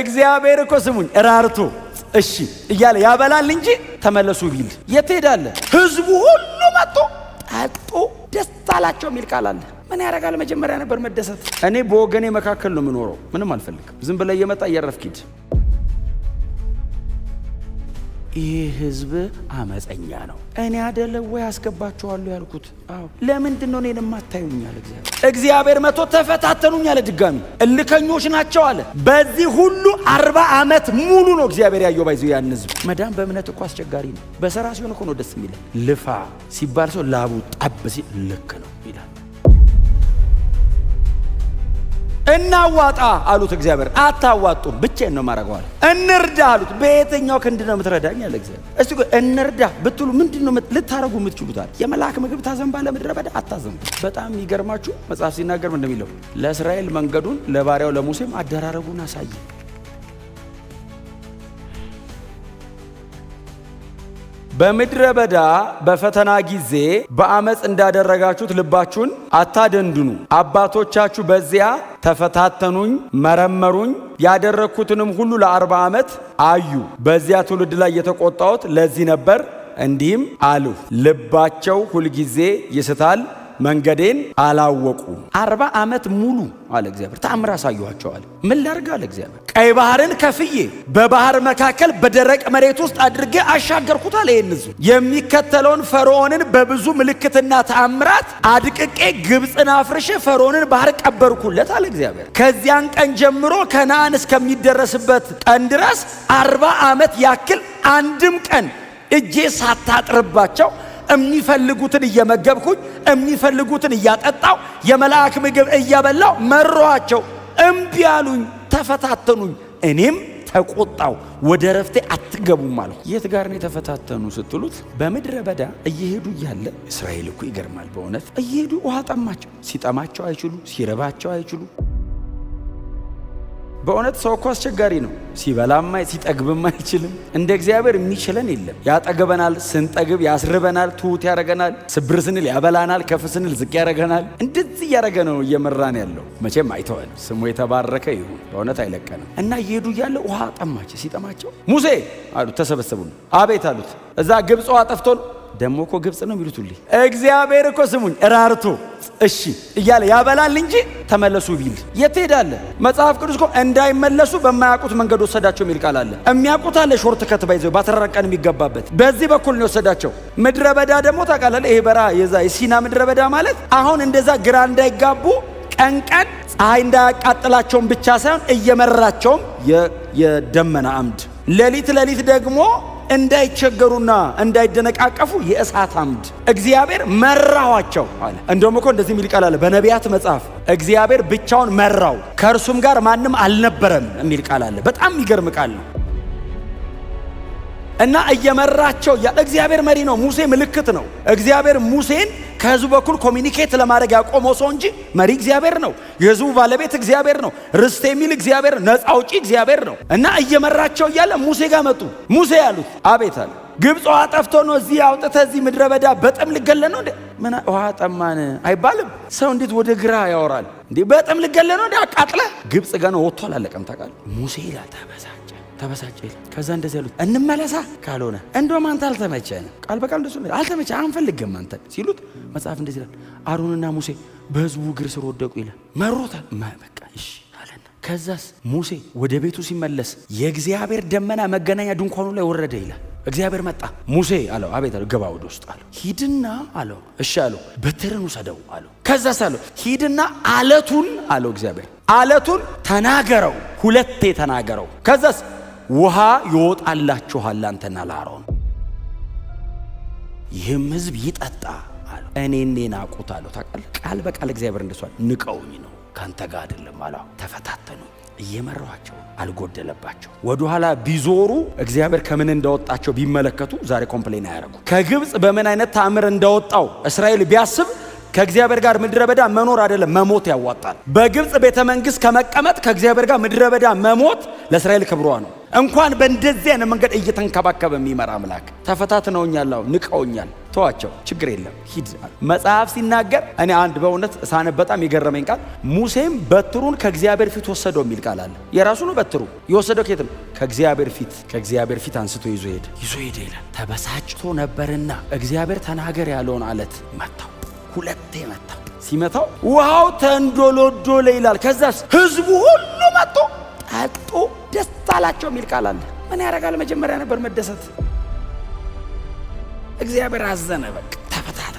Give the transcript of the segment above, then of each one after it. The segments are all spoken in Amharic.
እግዚአብሔር እኮ ስሙኝ ራርቶ እሺ እያለ ያበላል እንጂ ተመለሱ ቢል የት ህዝቡ ሁሉ መጥቶ ጠጡ፣ ደስ አላቸው የሚል ቃል አለ። ምን ያደርጋል? መጀመሪያ ነበር መደሰት። እኔ በወገኔ መካከል ነው የምኖረው። ምንም አልፈልግም። ዝም ብለህ እየመጣ እየረፍክ ሂድ። ይህ ህዝብ አመፀኛ ነው። እኔ አደለ ወይ አስገባችኋለሁ ያልኩት? አዎ። ለምንድን ነው እኔን የማታዩኛል? እግዚአብሔር እግዚአብሔር መቶ ተፈታተኑኝ አለ። ድጋሚ እልከኞች ናቸው አለ። በዚህ ሁሉ አርባ ዓመት ሙሉ ነው እግዚአብሔር ያየው። ባይዘ ያን ህዝብ መዳም በእምነት እኮ አስቸጋሪ ነው። በሰራ ሲሆን እኮ ነው ደስ የሚለን። ልፋ ሲባል ሰው ላቡ ጣብ ሲል ልክ ነው ይላል። እናዋጣ አሉት። እግዚአብሔር አታዋጡም፣ ብቻዬን ነው ማረገዋል። እንርዳ አሉት። በየትኛው ክንድ ነው የምትረዳኝ አለ እግዚአብሔር። እስቲ እንርዳ ብትሉ ምንድን ነው ልታረጉ የምትችሉታል? የመልአክ ምግብ ታዘንባለህ? ለምድረ በዳ አታዘንብ። በጣም ይገርማችሁ፣ መጽሐፍ ሲናገር እንደሚለው ለእስራኤል መንገዱን ለባሪያው ለሙሴም አደራረጉን አሳየ። በምድረ በዳ በፈተና ጊዜ በአመፅ እንዳደረጋችሁት ልባችሁን አታደንድኑ። አባቶቻችሁ በዚያ ተፈታተኑኝ፣ መረመሩኝ። ያደረግኩትንም ሁሉ ለአርባ ዓመት አዩ። በዚያ ትውልድ ላይ የተቆጣሁት ለዚህ ነበር። እንዲህም አሉ፣ ልባቸው ሁልጊዜ ይስታል መንገዴን አላወቁም። አርባ ዓመት ሙሉ አለ እግዚአብሔር ተአምር አሳየኋቸዋል። ምን ላርግ አለ እግዚአብሔር። ቀይ ባህርን ከፍዬ በባህር መካከል በደረቅ መሬት ውስጥ አድርጌ አሻገርኩት አለ። ይህን ህዝብ የሚከተለውን ፈርዖንን በብዙ ምልክትና ተአምራት አድቅቄ ግብፅን አፍርሼ ፈርዖንን ባህር ቀበርኩለት አለ እግዚአብሔር። ከዚያን ቀን ጀምሮ ከነአን እስከሚደረስበት ቀን ድረስ አርባ ዓመት ያክል አንድም ቀን እጄ ሳታጥርባቸው የሚፈልጉትን እየመገብኩኝ የሚፈልጉትን እያጠጣው የመልአክ ምግብ እየበላው መሯቸው። እምቢ አሉኝ፣ ተፈታተኑኝ። እኔም ተቆጣው። ወደ እረፍቴ አትገቡም አለሁ። የት ጋር ነው የተፈታተኑ ስትሉት፣ በምድረ በዳ እየሄዱ እያለ እስራኤል እኮ ይገርማል በእውነት እየሄዱ ውሃ ጠማቸው። ሲጠማቸው አይችሉ፣ ሲረባቸው አይችሉ በእውነት ሰው እኮ አስቸጋሪ ነው። ሲበላም ሲጠግብም አይችልም። እንደ እግዚአብሔር የሚችለን የለም። ያጠገበናል፣ ስንጠግብ ያስርበናል፣ ትሑት ያደረገናል፣ ስብር ስንል ያበላናል፣ ከፍ ስንል ዝቅ ያደረገናል። እንደዚህ እያደረገ ነው እየመራን ያለው። መቼም አይተወን፣ ስሙ የተባረከ ይሁን። በእውነት አይለቀንም እና እየሄዱ እያለ ውሃ ጠማቸው። ሲጠማቸው ሙሴ አሉት፣ ተሰበሰቡ። አቤት አሉት። እዛ ግብፅ ውሃ ጠፍቶን ደሞ እኮ ግብፅ ነው የሚሉትልኝ እግዚአብሔር እኮ ስሙኝ እራርቶ እሺ እያለ ያበላል እንጂ ተመለሱ ቢል የት መጽሐፍ ቅዱስ እኮ እንዳይመለሱ በማያውቁት መንገድ ወሰዳቸው የሚል ቃል አለ። የሚያውቁት አለ ሾርት ከት ባይዘው ባተረረቀን የሚገባበት በዚህ በኩል ነው የወሰዳቸው። ምድረ በዳ ደግሞ ታውቃለህ፣ ይሄ በራ የዛ የሲና ምድረ በዳ ማለት አሁን እንደዛ ግራ እንዳይጋቡ ቀንቀን ፀሐይ እንዳያቃጥላቸውን ብቻ ሳይሆን እየመራቸውም የደመና አምድ ሌሊት ሌሊት ደግሞ እንዳይቸገሩና እንዳይደነቃቀፉ የእሳት አምድ እግዚአብሔር መራኋቸው አለ። እንደውም እኮ እንደዚህ የሚል ቃል አለ በነቢያት መጽሐፍ እግዚአብሔር ብቻውን መራው፣ ከእርሱም ጋር ማንም አልነበረም የሚል ቃል አለ። በጣም የሚገርም ቃል ነው። እና እየመራቸው ያለ እግዚአብሔር መሪ ነው። ሙሴ ምልክት ነው። እግዚአብሔር ሙሴን ከህዝቡ በኩል ኮሚኒኬት ለማድረግ ያቆመው ሰው እንጂ መሪ እግዚአብሔር ነው። የህዝቡ ባለቤት እግዚአብሔር ነው። ርስት የሚል እግዚአብሔር ነው። ነፃ አውጪ እግዚአብሔር ነው። እና እየመራቸው እያለ ሙሴ ጋር መጡ። ሙሴ ያሉት አቤት አለ። ግብፅ ውሃ ጠፍቶ ነው እዚህ አውጥተ እዚህ ምድረ በዳ በጥም ልገለ ነው እንዴ? ምን ውሃ ጠማን አይባልም። ሰው እንዴት ወደ ግራ ያወራል እንዴ? በጥም ልገለ ነው እንዴ? አቃጥለ ግብፅ ገና ወጥቶ አላለቀም። ታውቃለህ ሙሴ ይላል ተበዛ ተበሳጨ። ከዛ እንደዚህ ያሉት እንመለሳ ካልሆነ እንደውም አንተ አልተመቸንም፣ ቃል በቃል እንደሱ አልተመቸ አንፈልግም አንተ ሲሉት መጽሐፍ እንደዚህ ይላል፣ አሮንና ሙሴ በህዝቡ እግር ስር ወደቁ ይላል። መሮታል በቃ እሺ ከዛስ ሙሴ ወደ ቤቱ ሲመለስ የእግዚአብሔር ደመና መገናኛ ድንኳኑ ላይ ወረደ ይላል። እግዚአብሔር መጣ። ሙሴ አለው፣ አቤት አለው፣ ግባ ወደ ውስጥ አለው። ሂድና አለው፣ እሺ አለው፣ በትርን ውሰደው አለው። ከዛስ አለው፣ ሂድና አለቱን አለው እግዚአብሔር አለቱን ተናገረው፣ ሁለቴ ተናገረው። ከዛስ ውሃ ይወጣላችኋል ላንተና ለአሮን ይህም ህዝብ ይጠጣ አለ። እኔ እኔ ናቁት አለው። ታውቃለህ፣ ቃል በቃል እግዚአብሔር እንደሷል። ንቀውኝ ነው ካንተ ጋር አይደለም አለ። ተፈታተኑ እየመራኋቸው አልጎደለባቸው። ወደኋላ ቢዞሩ እግዚአብሔር ከምን እንደወጣቸው ቢመለከቱ ዛሬ ኮምፕሌን አያደርጉ። ከግብፅ በምን አይነት ታምር እንደወጣው እስራኤል ቢያስብ ከእግዚአብሔር ጋር ምድረ በዳ መኖር አይደለም መሞት ያዋጣል። በግብፅ ቤተ መንግስት ከመቀመጥ ከእግዚአብሔር ጋር ምድረ በዳ መሞት ለእስራኤል ክብሯ ነው። እንኳን በእንደዚህ አይነት መንገድ እየተንከባከበ የሚመራ አምላክ ተፈታትነውኛል፣ ንቀውኛል። ተዋቸው፣ ችግር የለም ሂድ። መጽሐፍ ሲናገር እኔ አንድ በእውነት ሳነብ በጣም የገረመኝ ቃል ሙሴም በትሩን ከእግዚአብሔር ፊት ወሰደው የሚል ቃል አለ። የራሱ ነው በትሩ የወሰደው ከየት ነው? ከእግዚአብሔር ፊት። ከእግዚአብሔር ፊት አንስቶ ይዞ ሄደ፣ ይዞ ሄደ ይላል። ተበሳጭቶ ነበርና እግዚአብሔር ተናገር ያለውን አለት መታው። ሁለቴ መታ። ሲመታው ውሃው ተንዶሎዶለ ይላል። ከዛስ ህዝቡ ሁሉ መጥቶ ጠጡ፣ ደስ አላቸው የሚል ቃል አለ። ምን ያደርጋል? መጀመሪያ ነበር መደሰት። እግዚአብሔር አዘነ በቃ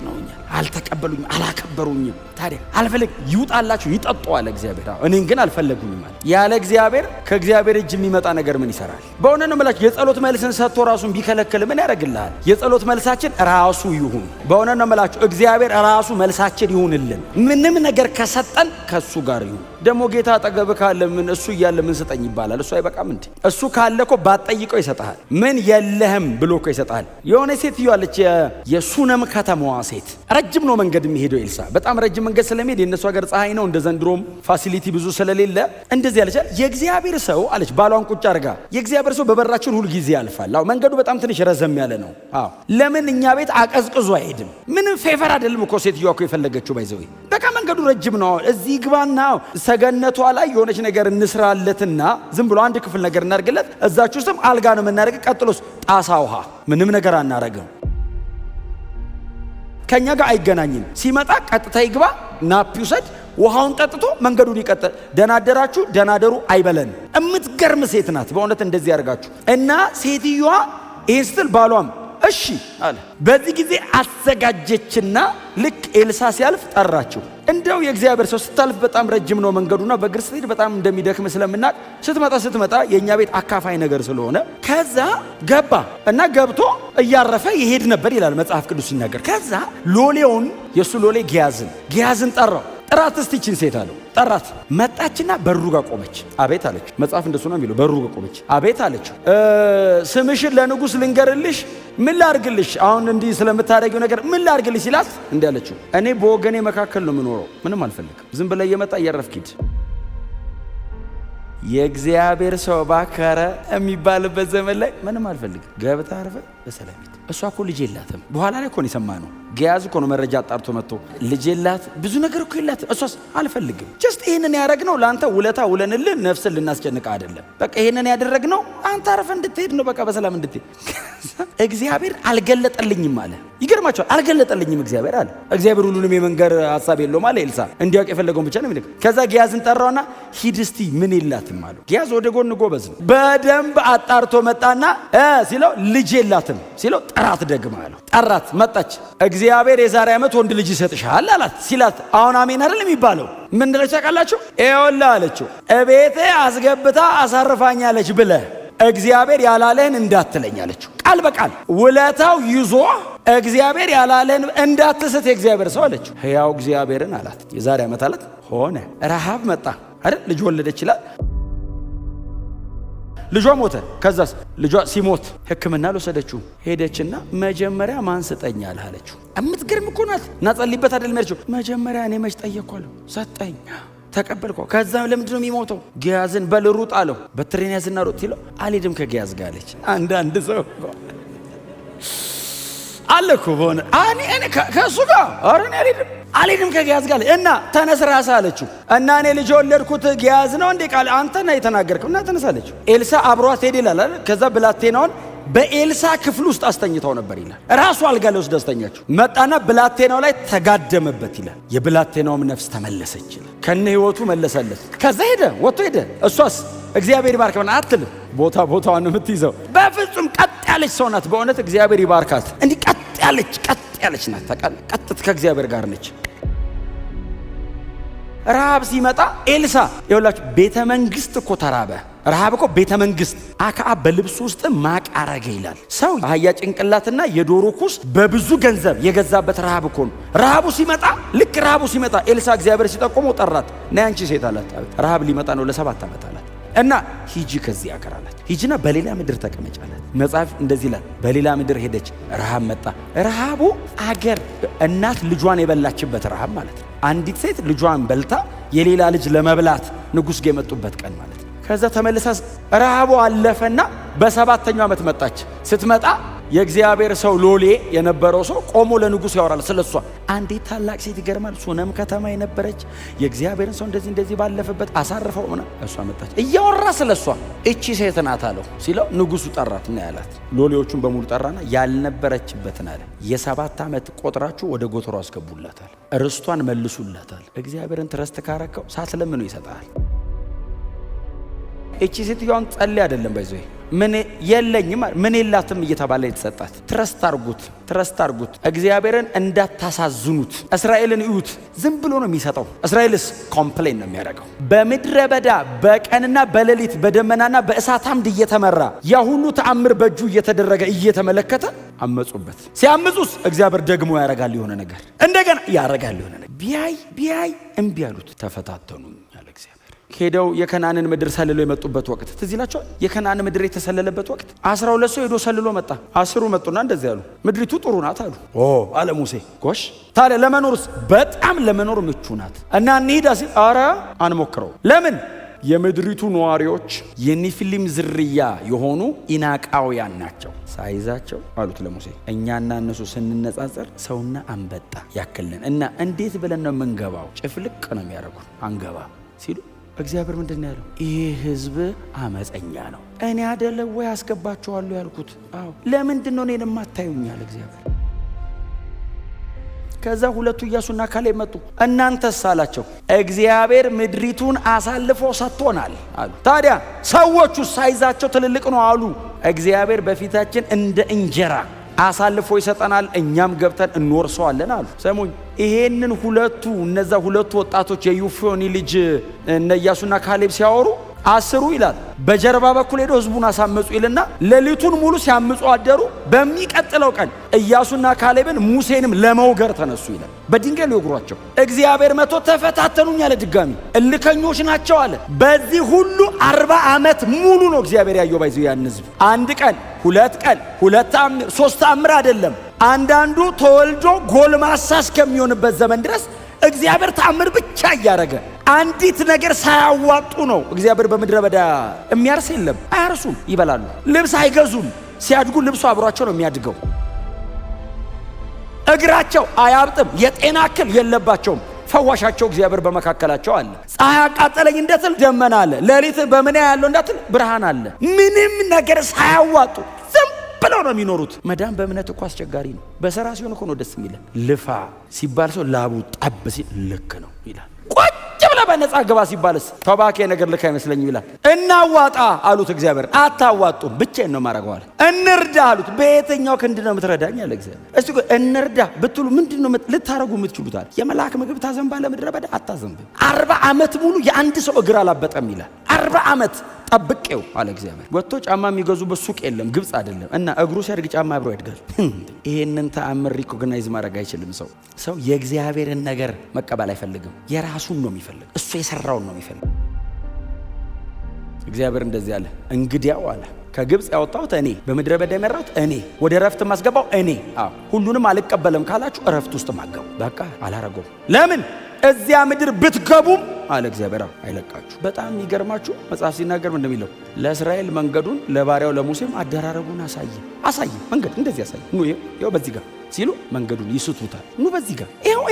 አባክነውኛል፣ አልተቀበሉኝ፣ አላከበሩኝም። ታዲያ አልፈለግ ይውጣላችሁ ይጠጡ አለ እግዚአብሔር። እኔን ግን አልፈለጉኝም አለ። ያለ እግዚአብሔር ከእግዚአብሔር እጅ የሚመጣ ነገር ምን ይሰራል? በእውነት ነው የምላችሁ፣ የጸሎት መልስን ሰጥቶ ራሱን ቢከለክል ምን ያደርግልሃል? የጸሎት መልሳችን ራሱ ይሁን። በእውነት ነው የምላችሁ፣ እግዚአብሔር ራሱ መልሳችን ይሁንልን። ምንም ነገር ከሰጠን ከእሱ ጋር ይሁን። ደግሞ ጌታ አጠገብ ካለ ምን እሱ እያለ ምን ስጠኝ ይባላል። እሱ አይበቃም እንዴ? እሱ ካለ ኮ ባትጠይቀው ይሰጠሃል። ምን የለህም ብሎ እኮ ይሰጠሃል። የሆነ ሴትዮ አለች፣ የሱነም ከተማዋ ሴት። ረጅም ነው መንገድ የሚሄደው ኤልሳ፣ በጣም ረጅም መንገድ ስለሚሄድ የእነሱ ሀገር ፀሐይ ነው እንደ ዘንድሮም ፋሲሊቲ ብዙ ስለሌለ እንደዚህ አለች። የእግዚአብሔር ሰው አለች፣ ባሏን ቁጭ አድርጋ፣ የእግዚአብሔር ሰው በበራችን ሁል ጊዜ ያልፋል። አዎ መንገዱ በጣም ትንሽ ረዘም ያለ ነው። አዎ ለምን እኛ ቤት አቀዝቅዞ አይሄድም? ምንም ፌቨር አይደለም እኮ ሴትዮዋ ኮ የፈለገችው ባይዘዌ በቃ መንገዱ ረጅም ነው። እዚህ ግባና ሰገነቷ ላይ የሆነች ነገር እንስራለትና ዝም ብሎ አንድ ክፍል ነገር እናርግለት። እዛች ውስጥም አልጋ ነው የምናደርግ። ቀጥሎስ ጣሳ ውሃ ምንም ነገር አናረግም። ከእኛ ጋር አይገናኝም። ሲመጣ ቀጥታ ይግባ፣ ናፕ ይውሰድ፣ ውሃውን ጠጥቶ መንገዱን ይቀጥል። ደናደራችሁ ደናደሩ አይበለን። እምትገርም ሴት ናት በእውነት እንደዚህ ያደርጋችሁ እና ሴትዮዋ ይህን ስትል ባሏም እሺ አለ። በዚህ ጊዜ አዘጋጀችና ልክ ኤልሳ ሲያልፍ ጠራችው። እንደው የእግዚአብሔር ሰው ስታልፍ በጣም ረጅም ነው መንገዱና በእግር ስትሄድ በጣም እንደሚደክም ስለምናቅ ስትመጣ ስትመጣ የእኛ ቤት አካፋይ ነገር ስለሆነ ከዛ ገባ እና ገብቶ እያረፈ ይሄድ ነበር ይላል መጽሐፍ ቅዱስ ሲናገር። ከዛ ሎሌውን የእሱ ሎሌ ጊያዝን ጊያዝን ጠራው ጥራት እስቲ ይችን ሴት አለው። ጠራት። መጣችና በሩ ጋር ቆመች። አቤት አለች። መጽሐፍ እንደሱ ነው የሚለው። በሩ ጋር ቆመች። አቤት አለችው። ስምሽን ለንጉሥ ልንገርልሽ? ምን ላርግልሽ? አሁን እንዲህ ስለምታደረጊው ነገር ምን ላርግልሽ ሲላት እንዲህ አለችው። እኔ በወገኔ መካከል ነው የምኖረው። ምንም አልፈልግም። ዝም ብለህ እየመጣ እያረፍክ ሂድ። የእግዚአብሔር ሰው ባከረ የሚባልበት ዘመን ላይ ምንም አልፈልግም። ገብታ አርፈ በሰላሚት እሷ እኮ ልጅ የላትም። በኋላ ላይ ኮን የሰማነው ገያዝ እኮ ነው መረጃ አጣርቶ መጥቶ ልጅ የላት ብዙ ነገር እኮ የላትም። እሷስ አልፈልግም። ጀስት ይህንን ያደረግነው ለአንተ ውለታ ውለንልን ነፍስን ልናስጨንቅ አይደለም። በቃ ይህንን ያደረግነው አንተ አረፈ እንድትሄድ ነው። በቃ በሰላም እንድትሄድ እግዚአብሔር አልገለጠልኝም አለ ይገርማቸዋል። አልገለጠልኝም እግዚአብሔር አለ። እግዚአብሔር ሁሉንም የመንገር ሀሳብ የለውም አለ። ኤልሳ እንዲያውቅ የፈለገውን ብቻ ነው የሚልክ። ከዛ ጊያዝን ጠራውና ሂድ እስቲ ምን የላትም አሉ። ጊያዝ ወደ ጎን ጎበዝ ነው። በደንብ አጣርቶ መጣና ሲለው ልጅ የላትም ሲለው ጠራት ደግማ አለው። ጠራት፣ መጣች። እግዚአብሔር የዛሬ ዓመት ወንድ ልጅ ይሰጥሻል አላት። ሲላት አሁን አሜን አይደል የሚባለው ምን እንደለች ታውቃላችሁ? ኤወላ አለችው እቤቴ አስገብታ አሳርፋኛለች ብለ እግዚአብሔር ያላለህን እንዳትለኝ አለችው። ቃል በቃል ውለታው ይዞ እግዚአብሔር ያላለን እንዳትስት የእግዚአብሔር ሰው አለችው። ሕያው እግዚአብሔርን አላት። የዛሬ ዓመት አለት ሆነ። ረሃብ መጣ አይደል? ልጅ ወለደች ይላል። ልጇ ሞተ። ከዛስ ልጇ ሲሞት ሕክምና አልወሰደችው። ሄደችና መጀመሪያ ማን ስጠኛል አለችው። የምትገርም እኮ ናት። እናጸልይበት አይደል? መጀመሪያ እኔ መች ጠየኳለሁ ሰጠኛ ተቀበልከው። ከዛ ለምንድን ነው የሚሞተው? ጊያዝን በልሩጥ ሩጥ አለው። በትሬን ያዝና ሩጥ ሲለው አልሄድም ከጊያዝ ጋር አለች። አንዳንድ ሰው አለ እኮ በሆነ ከእሱ ጋር ኧረ እኔ አልሄድም አልሄድም ከጊያዝ ጋር እና ተነስ ራሳ አለችው። እና እኔ ልጅ ወለድኩት ጊያዝ ነው እንዴ ቃል አንተ ና የተናገርከው እና ተነስ አለችው። ኤልሳ አብሯት ሄድ ይላል። ከዛ ብላቴናውን በኤልሳ ክፍል ውስጥ አስተኝተው ነበር ይላል። ራሱ አልጋ ላይ ውስጥ አስተኛቸው። መጣና ብላቴናው ላይ ተጋደመበት ይላል። የብላቴናውም ነፍስ ተመለሰች ይላል። ከነ ህይወቱ መለሰለት። ከዛ ሄደ፣ ወጥቶ ሄደ። እሷስ እግዚአብሔር ይባርከው አትል ቦታ ቦታዋን የምትይዘው በፍጹም ቀጥ ያለች ሰው ናት። በእውነት እግዚአብሔር ይባርካት። እንዲህ ቀጥ ያለች ቀጥ ያለች ናት። ቀጥት ከእግዚአብሔር ጋር ነች። ረሃብ ሲመጣ ኤልሳ የሁላችሁ ቤተ መንግስት እኮ ተራበ። ረሃብ እኮ ቤተ መንግስት። አክዓብ በልብሱ ውስጥ ማቅ አረገ ይላል። ሰው አህያ ጭንቅላትና የዶሮ ኩስ በብዙ ገንዘብ የገዛበት ረሃብ እኮ ነው። ረሃቡ ሲመጣ ልክ ረሃቡ ሲመጣ ኤልሳ እግዚአብሔር ሲጠቁመው ጠራት። ናያንቺ ሴት አላት። ረሃብ ሊመጣ ነው ለሰባት ዓመት አላት። እና ሂጂ ከዚህ አገር አላት። ሂጂና በሌላ ምድር ተቀመጭ አላት። መጽሐፍ እንደዚህ ይላል፣ በሌላ ምድር ሄደች፣ ረሃብ መጣ። ረሃቡ አገር እናት ልጇን የበላችበት ረሃብ ማለት ነው። አንዲት ሴት ልጇን በልታ የሌላ ልጅ ለመብላት ንጉሥ የመጡበት ቀን ማለት ነው። ከዛ ተመልሳ ረሃቡ አለፈና በሰባተኛው ዓመት መጣች። ስትመጣ የእግዚአብሔር ሰው ሎሌ የነበረው ሰው ቆሞ ለንጉሥ ያወራል ስለ እሷ። ታላቅ ሴት ይገርማል፣ ሱነም ከተማ የነበረች የእግዚአብሔርን ሰው እንደዚህ እንደዚህ ባለፈበት አሳርፈው ምና እሷ መጣች፣ እያወራ ስለ እሷ እቺ ሴት ናት አለው ሲለው፣ ንጉሱ ጠራት እና ያላት ሎሌዎቹን በሙሉ ጠራና ያልነበረችበትን አለ የሰባት ዓመት ቆጥራችሁ ወደ ጎተሮ አስገቡላታል፣ ርስቷን መልሱላታል። እግዚአብሔርን ትረስት ካረከው ሳትለምኑ ይሰጣል። እቺ ሴትዮዋን ጸልይ አይደለም ባይዞ ምን የለኝም ምን የላትም እየተባለ የተሰጣት። ትረስት አርጉት፣ ትረስት አርጉት። እግዚአብሔርን እንዳታሳዝኑት። እስራኤልን እዩት፣ ዝም ብሎ ነው የሚሰጠው። እስራኤልስ ኮምፕሌን ነው የሚያደርገው። በምድረ በዳ በቀንና በሌሊት በደመናና በእሳት አምድ እየተመራ ያ ሁሉ ተአምር በእጁ እየተደረገ እየተመለከተ አመፁበት። ሲያምፁስ እግዚአብሔር ደግሞ ያረጋል የሆነ ነገር እንደገና ያረጋል የሆነ ነገር ቢያይ ቢያይ እምቢ አሉት፣ ተፈታተኑ። ሄደው የከናንን ምድር ሰልለው የመጡበት ወቅት ትዝ ይላቸዋል። የከናን ምድር የተሰለለበት ወቅት አስራ ሁለት ሰው ሄዶ ሰልሎ መጣ። አስሩ መጡና እንደዚህ ያሉ ምድሪቱ ጥሩ ናት አሉ። አለ ሙሴ ጎሽ፣ ታለ ለመኖርስ በጣም ለመኖር ምቹ ናት እና እንሂዳ ሲል አረ አንሞክረው ለምን የምድሪቱ ነዋሪዎች የኒፊሊም ዝርያ የሆኑ ኢናቃውያን ናቸው። ሳይዛቸው አሉት ለሙሴ እኛና እነሱ ስንነጻጸር ሰውና አንበጣ ያክልን እና እንዴት ብለን ነው የምንገባው? ጭፍልቅ ነው የሚያደርጉን አንገባ ሲሉ እግዚአብሔር ምንድን ያለው? ይህ ህዝብ አመፀኛ ነው። እኔ አደለ ወይ አስገባችኋለሁ ያልኩት? አዎ። ለምንድን ነው እኔን የማታዩኛል እግዚአብሔር? ከዛ ሁለቱ ኢያሱና ካሌብ መጡ። እናንተስ አላቸው። እግዚአብሔር ምድሪቱን አሳልፎ ሰጥቶናል አሉ። ታዲያ ሰዎቹ ሳይዛቸው ትልልቅ ነው አሉ። እግዚአብሔር በፊታችን እንደ እንጀራ አሳልፎ ይሰጠናል፣ እኛም ገብተን እንወርሰዋለን አሉ። ሰሙኝ። ይሄንን ሁለቱ እነዛ ሁለቱ ወጣቶች የዩፎኒ ልጅ እነ ኢያሱና ካሌብ ሲያወሩ አስሩ ይላል በጀርባ በኩል ሄዶ ህዝቡን አሳመፁ ይልና ሌሊቱን ሙሉ ሲያምፁ አደሩ። በሚቀጥለው ቀን ኢያሱና ካሌብን ሙሴንም ለመውገር ተነሱ ይላል። በድንጋይ ሊወግሯቸው እግዚአብሔር መቶ ተፈታተኑኝ አለ። ድጋሚ እልከኞች ናቸው አለ። በዚህ ሁሉ አርባ ዓመት ሙሉ ነው እግዚአብሔር ያየው ባይዘው ያን ህዝብ አንድ ቀን ሁለት ቀን ሁለት ተአምር ሶስት ተአምር አይደለም። አንዳንዱ ተወልዶ ጎልማሳ እስከሚሆንበት ዘመን ድረስ እግዚአብሔር ተአምር ብቻ እያደረገ አንዲት ነገር ሳያዋጡ ነው። እግዚአብሔር በምድረ በዳ የሚያርስ የለም። አያርሱም፣ ይበላሉ። ልብስ አይገዙም። ሲያድጉ ልብሱ አብሯቸው ነው የሚያድገው። እግራቸው አያብጥም። የጤና እክል የለባቸውም። ፈዋሻቸው እግዚአብሔር በመካከላቸው አለ። ፀሐይ አቃጠለኝ እንዳትል ደመና አለ። ሌሊት በምን ያለው እንዳትል ብርሃን አለ። ምንም ነገር ሳያዋጡ ዝም ብለው ነው የሚኖሩት። መዳን በእምነት እኮ አስቸጋሪ ነው። በስራ ሲሆን እኮ ነው ደስ የሚለን። ልፋ ሲባል ሰው ላቡ ጣብ ሲል ልክ ነው ይላል። ቁጭ ብለህ በነፃ ግባ ሲባልስ ተባኬ ነገር ልክ አይመስለኝ ይላል። እናዋጣ አሉት። እግዚአብሔር አታዋጡም፣ ብቻዬን ነው ማረገዋል። እንርዳ አሉት። በየትኛው ክንድ ነው የምትረዳኝ አለ እግዚአብሔር። እስቲ እንርዳ ብትሉ ምንድን ነው ልታደርጉ የምትችሉታል? የመልአክ ምግብ ታዘንባለ ምድረ በዳ አታዘንብም። አርባ ዓመት ሙሉ የአንድ ሰው እግር አላበጠም ይላል። አርባ ዓመት ጠብቄው አለ እግዚአብሔር። ወጥቶ ጫማ የሚገዙበት ሱቅ የለም፣ ግብፅ አይደለም እና እግሩ ሲያድግ ጫማ አብሮ ያድጋል። ይሄንን ተአምር ሪኮግናይዝ ማድረግ አይችልም ሰው። ሰው የእግዚአብሔርን ነገር መቀበል አይፈልግም። የራሱን ነው የሚፈልግ፣ እሱ የሰራውን ነው የሚፈልግ። እግዚአብሔር እንደዚህ አለ፣ እንግዲያው አለ ከግብፅ ያወጣሁት እኔ፣ በምድረ በዳ የመራሁት እኔ፣ ወደ እረፍት ማስገባው እኔ። ሁሉንም አልቀበለም ካላችሁ እረፍት ውስጥ ማገቡ። በቃ አላረገውም። ለምን እዚያ ምድር ብትገቡም አለ እግዚአብሔር አይለቃችሁ። በጣም የሚገርማችሁ መጽሐፍ ሲናገር ምንድን የሚለው ለእስራኤል መንገዱን ለባሪያው ለሙሴም አደራረጉን አሳየ አሳየ መንገድ እንደዚህ አሳየ ኑ ይኸው በዚህ ጋር ሲሉ መንገዱን ይስቱታል። ኑ በዚህ ጋር ይሄ ነው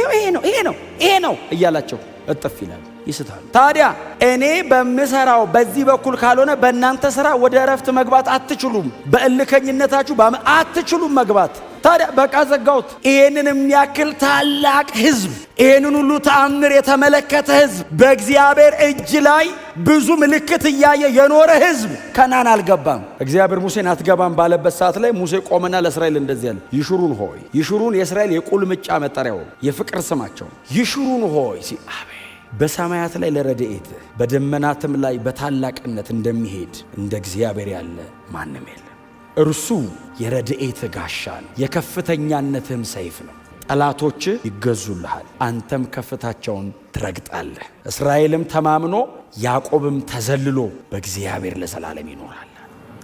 ይሄ ነው ይሄ ነው እያላቸው እጥፍ ይላል። ይስታሉ። ታዲያ እኔ በምሰራው በዚህ በኩል ካልሆነ በእናንተ ስራ ወደ እረፍት መግባት አትችሉም። በእልከኝነታችሁ አትችሉም መግባት። ታዲያ በቃ ዘጋሁት። ይህንን የሚያክል ታላቅ ህዝብ ይህንን ሁሉ ተአምር የተመለከተ ህዝብ በእግዚአብሔር እጅ ላይ ብዙ ምልክት እያየ የኖረ ህዝብ ከናን አልገባም። እግዚአብሔር ሙሴን አትገባም ባለበት ሰዓት ላይ ሙሴ ቆመና ለእስራኤል እንደዚህ ያለ ይሽሩን ሆይ ይሽሩን የእስራኤል የቁልምጫ መጠሪያው የፍቅር ስማቸው ይሽሩን ሆይ ሲ በሰማያት ላይ ለረድኤት በደመናትም ላይ በታላቅነት እንደሚሄድ እንደ እግዚአብሔር ያለ ማንም የለም። እርሱ የረድኤት ጋሻ ነው፣ የከፍተኛነትህም ሰይፍ ነው። ጠላቶች ይገዙልሃል፣ አንተም ከፍታቸውን ትረግጣለህ። እስራኤልም ተማምኖ ያዕቆብም ተዘልሎ በእግዚአብሔር ለዘላለም ይኖራል።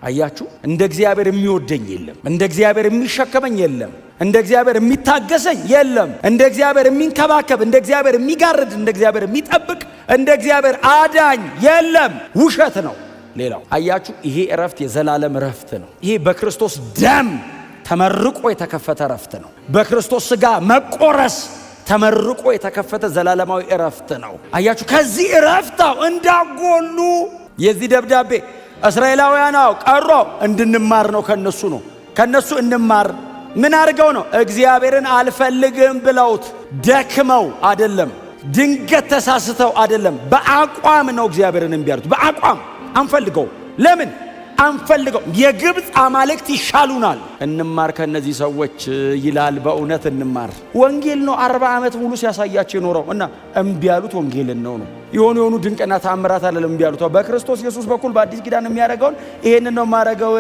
አያችሁ፣ እንደ እግዚአብሔር የሚወደኝ የለም፣ እንደ እግዚአብሔር የሚሸከመኝ የለም። እንደ እግዚአብሔር የሚታገሰኝ የለም። እንደ እግዚአብሔር የሚንከባከብ፣ እንደ እግዚአብሔር የሚጋርድ፣ እንደ እግዚአብሔር የሚጠብቅ፣ እንደ እግዚአብሔር አዳኝ የለም። ውሸት ነው። ሌላው አያችሁ፣ ይሄ እረፍት የዘላለም እረፍት ነው። ይሄ በክርስቶስ ደም ተመርቆ የተከፈተ እረፍት ነው። በክርስቶስ ሥጋ መቆረስ ተመርቆ የተከፈተ ዘላለማዊ እረፍት ነው። አያችሁ፣ ከዚህ እረፍታው እንዳጎሉ የዚህ ደብዳቤ እስራኤላውያን አዎ ቀሮ እንድንማር ነው። ከነሱ ነው ከነሱ እንማር ምን አድርገው ነው? እግዚአብሔርን አልፈልግም ብለውት ደክመው አደለም፣ ድንገት ተሳስተው አደለም። በአቋም ነው እግዚአብሔርን እምቢ አሉት። በአቋም አንፈልገው። ለምን አንፈልገው? የግብፅ አማልክት ይሻሉናል። እንማር ከእነዚህ ሰዎች ይላል። በእውነት እንማር። ወንጌል ነው አርባ ዓመት ሙሉ ሲያሳያቸው የኖረው እና እምቢ ያሉት ወንጌልን ነው ነው የሆኑ የሆኑ ድንቅና ታምራት አይደለም እምቢ ያሉት። በክርስቶስ ኢየሱስ በኩል በአዲስ ኪዳን የሚያደርገውን ይሄንን ነው የማደርገው፣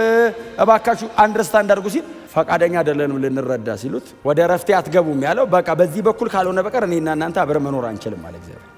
እባካችሁ አንድረስታ እንዳርጉ ሲል ፈቃደኛ አይደለንም ልንረዳ ሲሉት ወደ ረፍቴ አትገቡም ያለው በቃ በዚህ በኩል ካልሆነ በቀር እኔና እናንተ አብረ መኖር አንችልም አለ እግዚአብሔር።